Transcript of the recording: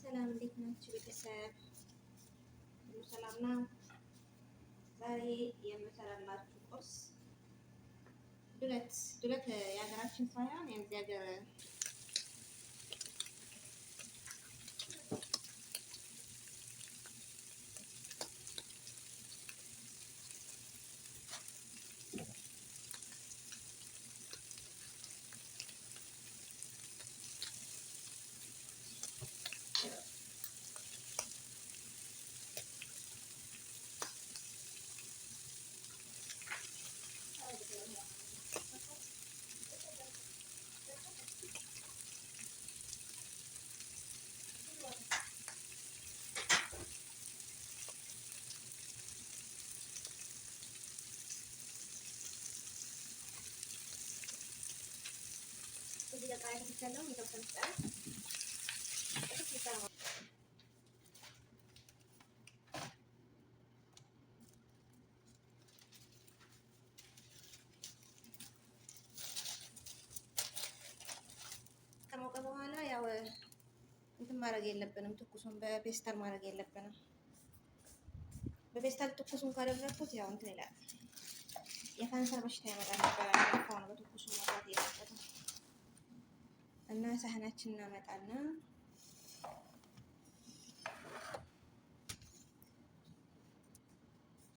ሰላም ሰላም፣ እንዴት ናችሁ ቤተሰብ? ሰላም ነው። ዛሬ የምሰራላችሁ ቁርስ ዱለት ዱለት የሀገራችን ሳይሆን የዚህ ሀገር ከሞቀ በኋላ ያው እንትን ማድረግ የለብንም። ትኩሱን በፔስታል ማድረግ የለብንም። በፔስታል ትኩሱን ካደረግኩት ያው እንትን ይላል የካንሰር በሽታ ያመጣል ነበረ። ሳህናችን እናመጣና